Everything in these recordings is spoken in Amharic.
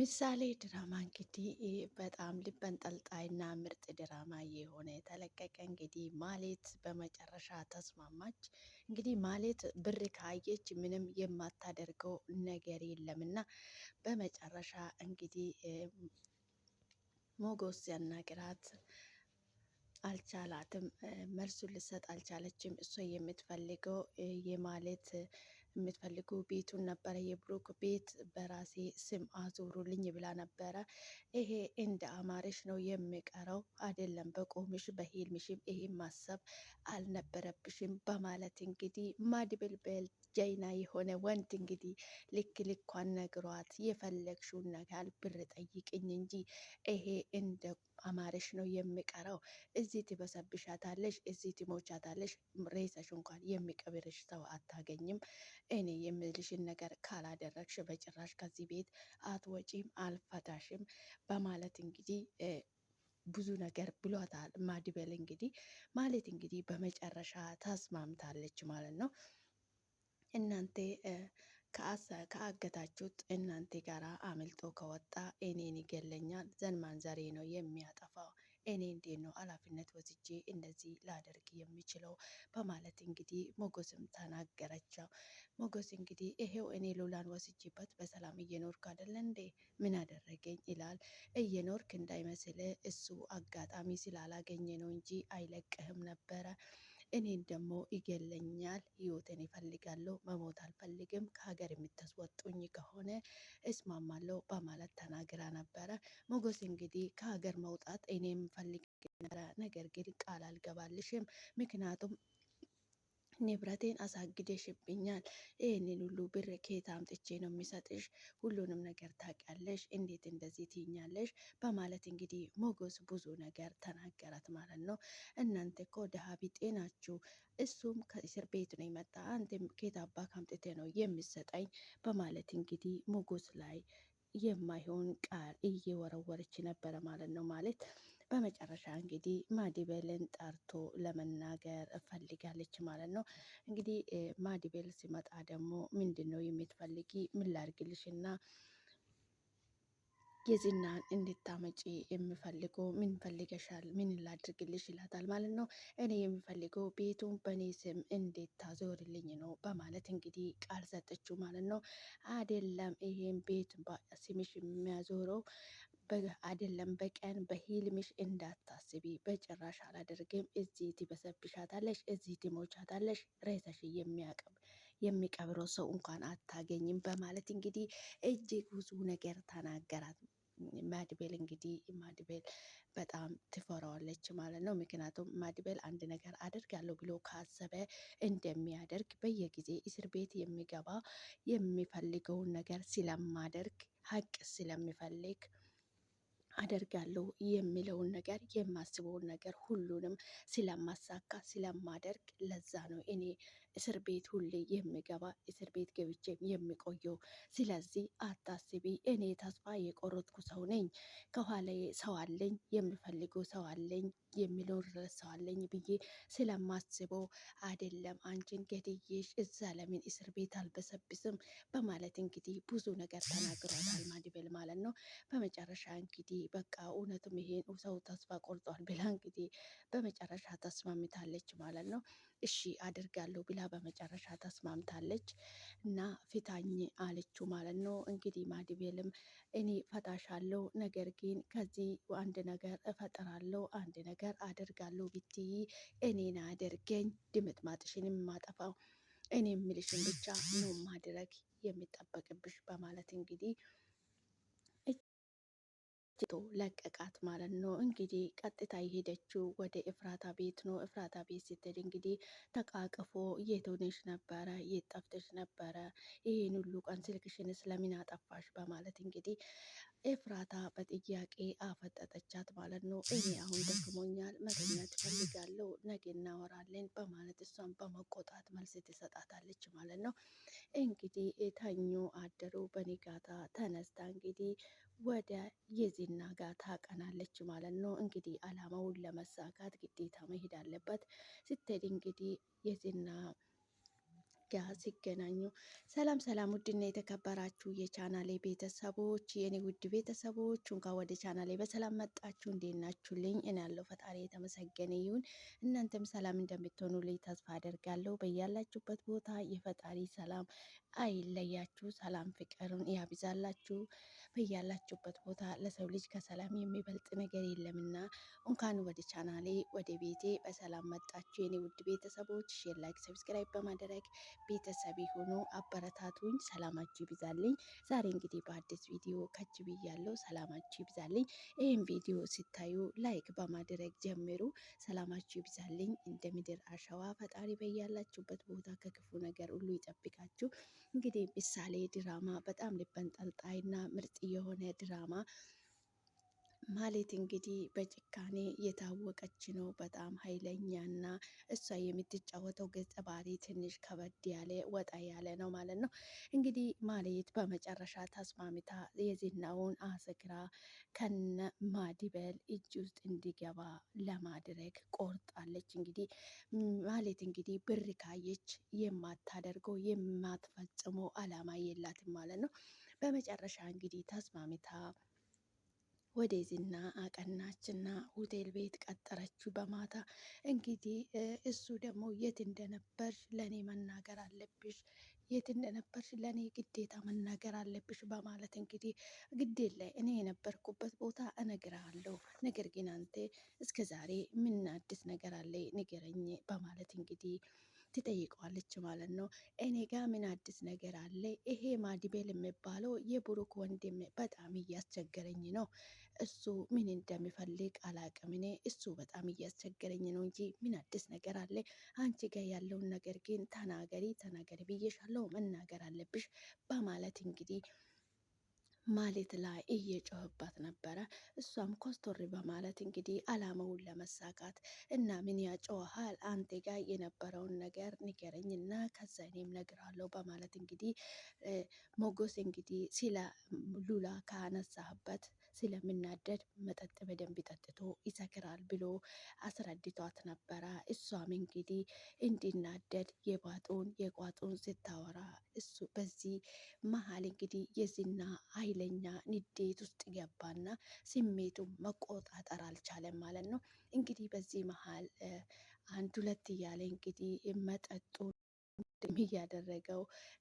ምሳሌ ድራማ እንግዲህ በጣም ልበን እና ምርጥ ድራማ የሆነ የተለቀቀ እንግዲህ ማሌት በመጨረሻ ተስማማች። እንግዲህ ማሌት ብር ካየች ምንም የማታደርገው ነገር የለምና በመጨረሻ እንግዲህ ሞገስ ያናግራት አልቻላትም። መልሱ ልሰጥ አልቻለችም። እሷ የምትፈልገው የማሌት የምትፈልጉ ቤቱን ነበረ የብሩክ ቤት በራሴ ስም አዞሩልኝ ብላ ነበረ። ይሄ እንደ አማርሽ ነው የሚቀረው አይደለም፣ በቆምሽ በሄልምሽም ይሄ ማሰብ አልነበረብሽም በማለት እንግዲህ ማድበልበል ጀይና የሆነ ወንድ እንግዲህ ልክ ልኳን ነግሯት የፈለግሽውን ነገር ብር ጠይቅኝ እንጂ ይሄ እንደ አማረሽ ነው የሚቀረው። እዚህ ትበሰብሻታለሽ፣ እዚህ ትሞቻታለሽ። ሬሳሽ እንኳን የሚቀብርሽ ሰው አታገኝም። እኔ የምልሽን ነገር ካላደረግሽ በጭራሽ ከዚህ ቤት አትወጪም፣ አልፈታሽም በማለት እንግዲህ ብዙ ነገር ብሏታል። ማድበል እንግዲህ ማለት እንግዲህ በመጨረሻ ታስማምታለች ማለት ነው እናንተ ከአገታችሁት እናንተ ጋር አምልጦ ከወጣ እኔን ይገለኛል፣ ዘንማን ዘሬ ነው የሚያጠፋው። እኔ እንዴት ነው ኃላፊነት ወስጄ እንደዚህ ላደርግ የሚችለው? በማለት እንግዲህ ሞገስም ተናገረችው። ሞገስ እንግዲህ ይሄው እኔ ሉላን ወስጄበት በሰላም እየኖርክ አይደለ እንዴ? ምን አደረገኝ ይላል። እየኖርክ እንዳይመስል እሱ አጋጣሚ ስላላገኘ ነው እንጂ አይለቅህም ነበረ። እኔን ደግሞ ይገለኛል፣ ህይወትን ይፈልጋለሁ፣ መሞት አልፈልግም፣ ከሀገር የምታስወጡኝ ከሆነ እስማማለሁ በማለት ተናግራ ነበረ። ሞገስ እንግዲህ ከሀገር መውጣት እኔም ፈልግ ነገር ግን ቃል አልገባልሽም ምክንያቱም ንብረቴን አሳግደሽብኛል። ይህንን ሁሉ ብር ከየት አምጥቼ ነው የሚሰጥሽ? ሁሉንም ነገር ታውቂያለሽ፣ እንዴት እንደዚህ ትይኛለሽ? በማለት እንግዲህ ሞገስ ብዙ ነገር ተናገራት ማለት ነው። እናንተ እኮ ድሃ ቢጤ ናችሁ፣ እሱም ከእስር ቤት ነው የመጣ፣ አንተም ከየት አባክ አምጥተህ ነው የምሰጠኝ? በማለት እንግዲህ ሞገስ ላይ የማይሆን ቃል እየወረወረች ነበረ ማለት ነው ማለት በመጨረሻ እንግዲህ ማዲቤልን ጠርቶ ለመናገር ፈልጋለች ማለት ነው። እንግዲህ ማዲቤል ሲመጣ ደግሞ ምንድን ነው የምትፈልጊ? ምን እና የዝናን እንድታመጪ የምፈልገው ምን ፈልገሻል? ምን ላድርግልሽ? ይላታል ማለት ነው። እኔ የምፈልገው ቤቱን በእኔ ስም እንድታዞርልኝ ነው በማለት እንግዲህ ቃል ሰጠችው ማለት ነው። አይደለም ይሄን ቤት ስምሽ የሚያዞረው አይደለም በቀን በህልምሽ እንዳታስቢ፣ በጭራሽ አላደርግም። እዚህ ትበሰብሻታለሽ፣ እዚህ ትሞቻታለሽ፣ ሬሳሽ የሚቀብረው ሰው እንኳን አታገኝም በማለት እንግዲህ እጅግ ብዙ ነገር ተናገራት። ማድቤል እንግዲህ ማድቤል በጣም ትፈራዋለች ማለት ነው። ምክንያቱም ማድቤል አንድ ነገር አደርጋለሁ ብሎ ካሰበ እንደሚያደርግ በየጊዜ እስር ቤት የሚገባ የሚፈልገውን ነገር ስለማደርግ ሀቅ ስለሚፈልግ አደርጋለሁ የሚለውን ነገር የማስበውን ነገር ሁሉንም ስለማሳካ ስለማደርግ ለዛ ነው እኔ እስር ቤት ሁሌ የምገባ እስር ቤት ገብቼ የሚቆየው። ስለዚህ አታስቢ፣ እኔ ተስፋ የቆረጥኩ ሰው ነኝ፣ ከኋላ ሰው አለኝ፣ የምፈልገው ሰው አለኝ፣ የሚኖር ሰው አለኝ ብዬ ስለማስበው አይደለም አንቺን ገድዬሽ እዛ ለምን እስር ቤት አልበሰብስም በማለት እንግዲህ ብዙ ነገር ተናግሯታል ማድቤል ማለት ነው። በመጨረሻ እንግዲህ በቃ እውነቱም ይሄን ሰው ተስፋ ቆርጧል ብላ እንግዲህ በመጨረሻ ተስማምታለች ማለት ነው። እሺ አድርጋለሁ ብላ በመጨረሻ ተስማምታለች እና ፍታኝ አለችው ማለት ነው። እንግዲህ ማድቤልም እኔ ፈታሻለሁ፣ ነገር ግን ከዚህ አንድ ነገር እፈጥራለሁ፣ አንድ ነገር አድርጋለሁ ብትይ እኔን አድርገኝ፣ ድምጥማጥሽን የማጠፋው እኔ የምልሽን ብቻ ነው ማድረግ የሚጠበቅብሽ በማለት እንግዲህ ሴቶ ለቀቃት ማለት ነው። እንግዲህ ቀጥታ የሄደችው ወደ እፍራታ ቤት ነው። እፍራታ ቤት ስትል እንግዲህ ተቃቅፎ የት ሆነሽ ነበረ? የት ጠፍተሽ ነበረ? ይህን ሁሉ ቀን ስልክሽን ስለምን አጠፋሽ? በማለት እንግዲህ ኤፍራታ በጥያቄ አፈጠጠቻት ማለት ነው። እኔ አሁን ደክሞኛል፣ መተኛት ፈልጋለሁ፣ ነገ እናወራለን በማለት እሷን በመቆጣት መልስ ትሰጣታለች ማለት ነው። እንግዲህ ተኙ አደሩ። በንጋታ ተነስታ እንግዲህ ወደ የዜና ጋር ታቀናለች ማለት ነው። እንግዲህ አላማውን ለመሳካት ግዴታ መሄድ አለበት ስትሄድ እንግዲህ የዜና ጋር ሲገናኙ። ሰላም ሰላም! ውድና የተከበራችሁ የቻናሌ ቤተሰቦች የኔ ውድ ቤተሰቦች እንኳን ወደ ቻናሌ በሰላም መጣችሁ። እንዴት ናችሁልኝ? እኔ ያለው ፈጣሪ የተመሰገነ ይሁን፣ እናንተም ሰላም እንደምትሆኑልኝ ተስፋ አደርጋለሁ። በያላችሁበት ቦታ የፈጣሪ ሰላም አይለያችሁ፣ ሰላም ፍቅርን ያብዛላችሁ። በያላችሁበት ቦታ ለሰው ልጅ ከሰላም የሚበልጥ ነገር የለምና እንኳን ወደ ቻናሌ ወደ ቤቴ በሰላም መጣችሁ። የኔ ውድ ቤተሰቦች ሼር፣ ላይክ፣ ሰብስክራይብ በማድረግ ቤተሰብ ሆኑ አበረታቱኝ። ሰላማችሁ ይብዛልኝ። ዛሬ እንግዲህ በአዲስ ቪዲዮ ከች ብያለሁ። ሰላማችሁ ይብዛልኝ። ይህም ቪዲዮ ስታዩ ላይክ በማድረግ ጀምሩ። ሰላማችሁ ይብዛልኝ። እንደ ምድር አሸዋ ፈጣሪ በያላችሁበት ቦታ ከክፉ ነገር ሁሉ ይጠብቃችሁ። እንግዲህ ምሳሌ ድራማ በጣም ልብ አንጠልጣይና ምርጥ የሆነ ድራማ ማሌት እንግዲህ በጭካኔ የታወቀች ነው። በጣም እና እሷ የምትጫወተው ገጸ ባህሪ ትንሽ ከበድ ያለ ወጣ ያለ ነው ማለት ነው። እንግዲህ ማሌት በመጨረሻ ተስማምታ የዝናውን አስግራ ከነ ማዲበል እጅ ውስጥ እንዲገባ ለማድረግ ቆርጣለች። እንግዲህ ማሌት እንግዲህ ብር ካየች የማታደርገው የማትፈጽመው አላማ የላትም ማለት ነው። በመጨረሻ እንግዲህ ተስማምታ ወደዚህና ዝና አቀናችና ሆቴል ቤት ቀጠረችው በማታ። እንግዲህ እሱ ደግሞ የት እንደነበርሽ ለእኔ መናገር አለብሽ፣ የት እንደነበርሽ ለእኔ ግዴታ መናገር አለብሽ በማለት እንግዲህ ግዴ ላይ እኔ የነበርኩበት ቦታ እነግርሃለሁ፣ ነገር ግን አንተ እስከ ዛሬ ምን አዲስ ነገር አለ ንገረኝ በማለት እንግዲህ ትጠይቀዋለች ማለት ነው። እኔ ጋር ምን አዲስ ነገር አለ? ይሄ ማድቤል የሚባለው የብሩክ ወንድም በጣም እያስቸገረኝ ነው። እሱ ምን እንደሚፈልግ አላቅም። እኔ እሱ በጣም እያስቸገረኝ ነው እንጂ ምን አዲስ ነገር አለ? አንቺ ጋር ያለውን ነገር ግን ተናገሪ ተናገሪ ብዬሻለሁ፣ መናገር አለብሽ በማለት እንግዲህ ማሌት ላይ እየጮህባት ነበረ። እሷም ኮስቶሪ በማለት እንግዲህ አላማውን ለመሳካት እና ምን ያጮሃል አንቴ ጋር የነበረውን ነገር ንገረኝ እና ከዛ እኔም ነግራለሁ በማለት እንግዲህ ሞጎስ እንግዲህ ሲላ ሉላ ካነሳህበት ስለምናደድ መጠጥ በደንብ ጠጥቶ ይሰክራል ብሎ አስረድቷት ነበረ። እሷም እንግዲህ እንዲናደድ የባጦን የቋጦን ስታወራ እሱ በዚህ መሀል እንግዲህ የዝና ኃይለኛ ንዴት ውስጥ ገባና ስሜቱ መቆጣጠር አልቻለም ማለት ነው። እንግዲህ በዚህ መሀል አንድ ሁለት እያለ እንግዲህ መጠጡ እያደረገው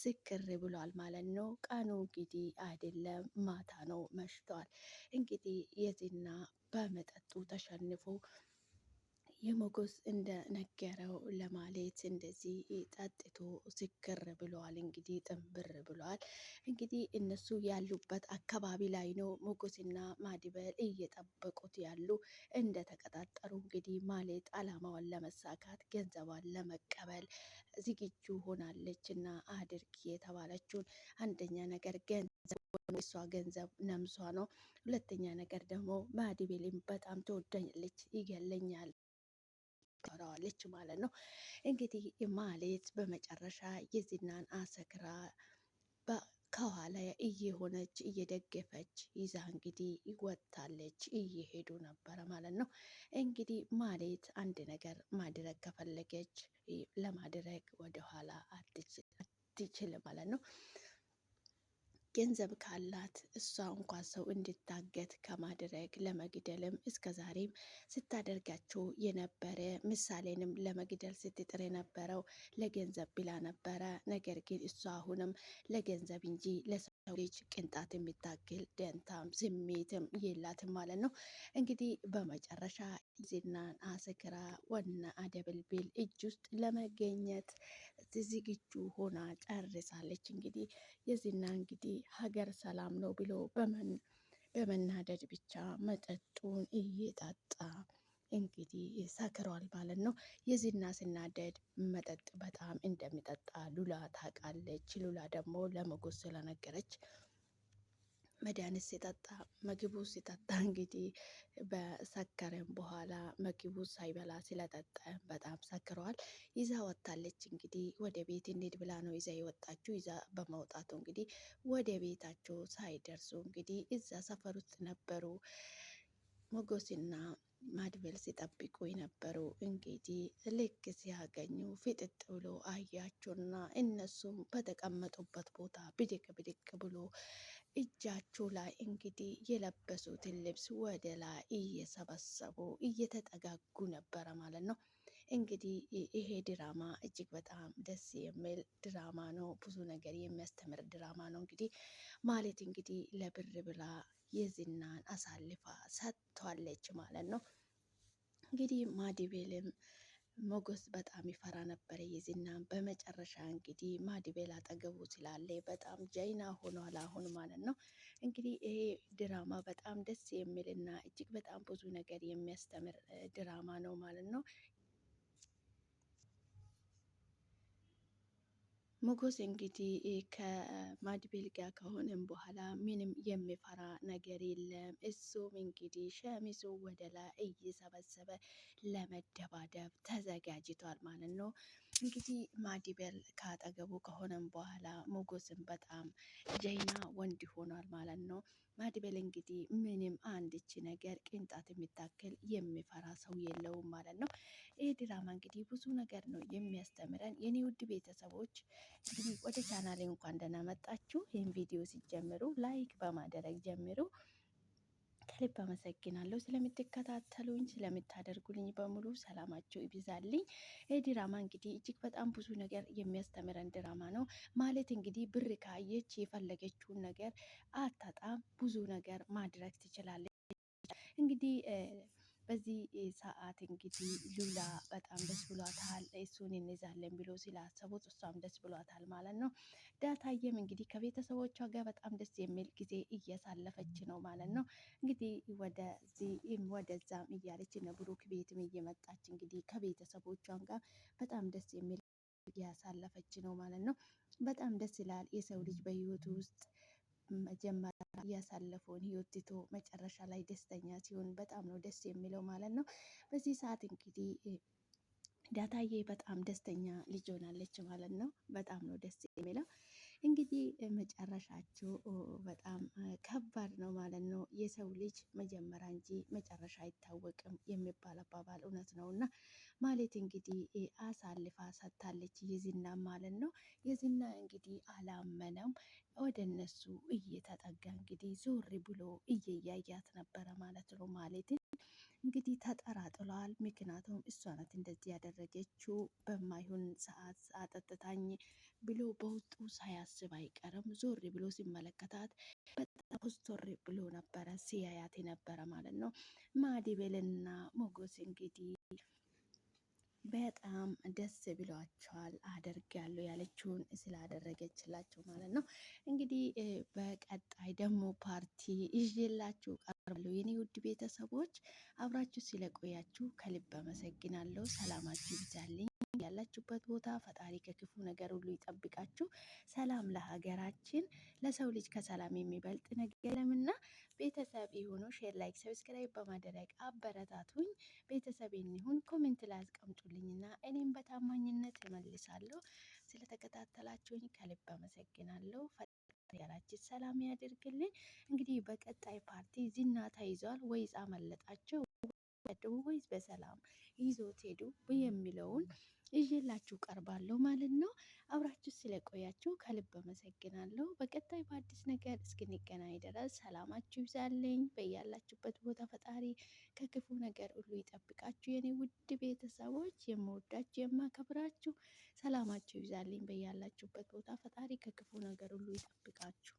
ስክር ብሏል ማለት ነው። ቀኑ እንግዲህ አይደለም ማታ ነው መሽቷል። እንግዲህ የዝና በመጠጡ ተሸንፎ የሞገስ እንደነገረው ለማ መድኃኒት እንደዚህ ጠጥቶ ስክር ብለዋል። እንግዲህ ጥንብር ብለዋል። እንግዲህ እነሱ ያሉበት አካባቢ ላይ ነው ሞገስና ማዲበል እየጠበቁት ያሉ እንደተቀጣጠሩ እንግዲህ ማለት አላማዋን ለመሳካት ገንዘቧን ለመቀበል ዝግጁ ሆናለች እና አድርግ የተባለችውን አንደኛ ነገር ገንዘብ እሷ ገንዘብ ነምሷ ነው። ሁለተኛ ነገር ደግሞ ማዲቤልን በጣም ትወዳኛለች፣ ይገለኛል ትኖረዋለች ማለት ነው። እንግዲህ ማሌት በመጨረሻ የዝናን አሰክራ ከኋላ እየሆነች እየደገፈች ይዛ እንግዲህ ወጥታለች እየሄዱ ነበረ ማለት ነው። እንግዲህ ማሌት አንድ ነገር ማድረግ ከፈለገች ለማድረግ ወደኋላ አትችል ማለት ነው። ገንዘብ ካላት እሷ እንኳ ሰው እንድታገት ከማድረግ ለመግደልም እስከ ዛሬም ስታደርጋቸው የነበረ ምሳሌንም ለመግደል ስትጥር የነበረው ለገንዘብ ብላ ነበረ። ነገር ግን እሷ አሁንም ለገንዘብ እንጂ ለሰው ልጅ ቅንጣት የሚታክል ደንታም ስሜትም የላትም ማለት ነው። እንግዲህ በመጨረሻ ዝናን አስክራ ወና አደብልብል እጅ ውስጥ ለመገኘት ዝግጁ ሆና ጨርሳለች። እንግዲህ የዝና እንግዲህ ሀገር ሰላም ነው ብሎ በመናደድ ብቻ መጠጡን እየጠጣ እንግዲህ ሰክሯል ማለት ነው። የዚና ስናደድ መጠጥ በጣም እንደሚጠጣ ሉላ ታውቃለች። ሉላ ደግሞ ለመጎስ ስለነገረች መድኃኒት ሲጠጣ ምግቡ ሲጠጣ እንግዲህ በሰከረም በኋላ ምግቡ ሳይበላ ስለጠጣ በጣም ሰክረዋል። ይዛ ወጥታለች። እንግዲህ ወደ ቤት እንሂድ ብላ ነው ይዛ የወጣችው። ይዛ በመውጣቱ እንግዲህ ወደ ቤታቸው ሳይደርሱ እንግዲህ እዛ ሰፈር ውስጥ ነበሩ ሞጎስና ማድበል ሲጠብቁ የነበሩ እንግዲህ ልክ ሲያገኙ ፍጥጥ ብሎ አያቸውና እነሱም በተቀመጡበት ቦታ ብድቅ ብድቅ ብሎ እጃቸው ላይ እንግዲህ የለበሱትን ልብስ ወደ ላይ እየሰበሰቡ እየተጠጋጉ ነበረ ማለት ነው። እንግዲህ ይሄ ድራማ እጅግ በጣም ደስ የሚል ድራማ ነው። ብዙ ነገር የሚያስተምር ድራማ ነው። እንግዲህ ማለት እንግዲህ ለብር ብላ የዝናን አሳልፋ ሰጥቷለች ማለት ነው። እንግዲህ ማዲቤልም ሞገስ በጣም ይፈራ ነበረ የዚናን። በመጨረሻ እንግዲህ ማድቤል አጠገቡ ስላለ በጣም ጀይና ሆኗል አሁን ማለት ነው። እንግዲህ ይሄ ድራማ በጣም ደስ የሚልና እጅግ በጣም ብዙ ነገር የሚያስተምር ድራማ ነው ማለት ነው። ሞገስ እንግዲህ ከማድቤል ጋር ከሆነም በኋላ ምንም የሚፈራ ነገር የለም። እሱም እንግዲህ ሸሚሱ ወደ ላይ እየሰበሰበ ለመደባደብ ተዘጋጅቷል ማለት ነው። እንግዲህ ማዲበል ካጠገቡ ከሆነም በኋላ ሞጎስን በጣም ጀይና ወንድ ሆኗል ማለት ነው። ማዲበል እንግዲህ ምንም አንድች ነገር ቅንጣት የሚታክል የሚፈራ ሰው የለውም ማለት ነው። ይህ ድራማ እንግዲህ ብዙ ነገር ነው የሚያስተምረን። የኔ ውድ ቤተሰቦች እንግዲህ ወደ ቻናሌ እንኳን ደህና መጣችሁ። ይህን ቪዲዮ ሲጀምሩ ላይክ በማድረግ ጀምሩ። ከልብ አመሰግናለሁ። ስለምትከታተሉኝ ስለምታደርጉልኝ በሙሉ ሰላማችሁ ይብዛልኝ። ይህ ድራማ እንግዲህ እጅግ በጣም ብዙ ነገር የሚያስተምረን ድራማ ነው። ማለት እንግዲህ ብር ካየች የፈለገችውን ነገር አታጣም፣ ብዙ ነገር ማድረግ ትችላለች። እንግዲህ በዚህ ሰዓት እንግዲህ ሉላ በጣም ደስ ብሏታል። እሱን እንይዛለን ብሎ ስላሰቡት እሷም ደስ ብሏታል ማለት ነው። ዳታየም እንግዲህ ከቤተሰቦቿ ጋር በጣም ደስ የሚል ጊዜ እያሳለፈች ነው ማለት ነው። እንግዲህ ወደዚህም ወደዛም እያለች እነ ብሩክ ቤትም እየመጣች እንግዲህ ከቤተሰቦቿም ጋር በጣም ደስ የሚል እያሳለፈች ነው ማለት ነው። በጣም ደስ ይላል የሰው ልጅ በህይወቱ ውስጥ መጀመሪያ እያሳለፈውን ህይወት ትቶ መጨረሻ ላይ ደስተኛ ሲሆን በጣም ነው ደስ የሚለው ማለት ነው። በዚህ ሰዓት እንግዲህ ዳታዬ በጣም ደስተኛ ልጅ ሆናለች ማለት ነው። በጣም ነው ደስ የሚለው። እንግዲህ መጨረሻቸው በጣም ከባድ ነው ማለት ነው። የሰው ልጅ መጀመሪያ እንጂ መጨረሻ አይታወቅም የሚባል አባባል እውነት ነው እና ማለት እንግዲህ አሳልፋ ሰጥታለች የዝና ማለት ነው። የዝና እንግዲህ አላመነም። ወደ እነሱ እየተጠጋ እንግዲህ ዞር ብሎ እየያያት ነበረ ማለት ነው ማለት እንግዲህ ተጠራጥሏል። ምክንያቱም እሷ ናት እንደዚህ ያደረገችው በማይሆን ሰዓት አጠጥታኝ ብሎ በውጡ ሳያስብ አይቀርም። ዞር ብሎ ሲመለከታት በጣም ዞር ብሎ ነበረ ሲያያት የነበረ ማለት ነው። ማዲቤልና ሞጎስ እንግዲህ በጣም ደስ ብሏቸዋል። አደርግ አደርጋለሁ ያለችውን ስላደረገችላቸው ማለት ነው። እንግዲህ በቀጣይ ደግሞ ፓርቲ ይዤላችሁ ቀርባለሁ። የኔ ውድ ቤተሰቦች አብራችሁ ስለቆያችሁ ከልብ አመሰግናለሁ። ሰላማችሁ ይብዛልኝ። ያላችሁበት ቦታ ፈጣሪ ከክፉ ነገር ሁሉ ይጠብቃችሁ። ሰላም ለሀገራችን፣ ለሰው ልጅ ከሰላም የሚበልጥ ነገር የለም የለምና ቤተሰብ የሆኑ ሼር፣ ላይክ፣ ሰብስክራይብ በማድረግ አበረታቱኝ። ቤተሰብ የሚሆን ኮሜንት ላይ አስቀምጡልኝ አስቀምጡልኝና እኔም በታማኝነት እመልሳለሁ። ስለተከታተላችሁኝ ከልብ አመሰግናለሁ። ሀገራችን ሰላም ያደርግልን። እንግዲህ በቀጣይ ፓርቲ ዝና ተይዟል ወይስ አመለጣቸው? በድሩ ወይስ በሰላም ይዞት ሄዱ የሚለውን ይዤላችሁ ቀርባለሁ ማለት ነው። አብራችሁ ስለቆያችሁ ከልብ አመሰግናለሁ። በቀጣይ በአዲስ ነገር እስክንገናኝ ድረስ ሰላማችሁ ይብዛልኝ። በያላችሁበት ቦታ ፈጣሪ ከክፉ ነገር ሁሉ ይጠብቃችሁ። የኔ ውድ ቤተሰቦች የምወዳችሁ የማከብራችሁ፣ ሰላማችሁ ይብዛልኝ። በያላችሁበት ቦታ ፈጣሪ ከክፉ ነገር ሁሉ ይጠብቃችሁ።